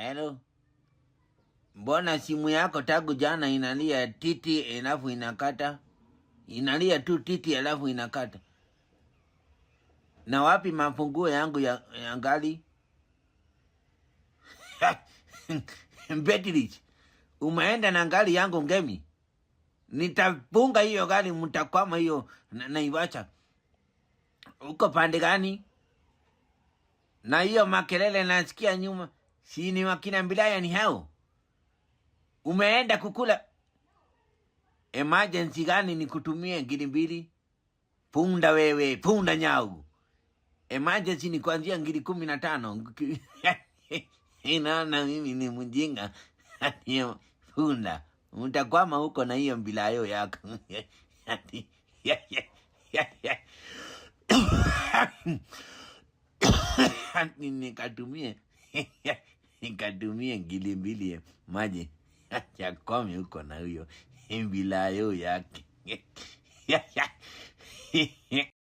Hello. Mbona simu yako tangu jana inalia titi alafu inakata? Inalia tu titi alafu inakata. Na wapi mafunguo yangu ya, ya ngali? Betirich, umeenda na ngali yangu ngemi? Nitapunga hiyo gari, mtakwama hiyo na, naiwacha. Uko pande gani? Na hiyo makelele nasikia nyuma si ni wakina Mbilaya ni hao? Umeenda kukula emergency gani? Ni kutumie ngiri mbili punda wewe, punda nyau. Emergency ni kuanzia ngiri kumi na tano. Inaona mimi ni mjinga punda, mtakwama huko na hiyo mbilayo yako nikatumie nikatumie ngili mbili maji yakwame huko na huyo mbilayo yake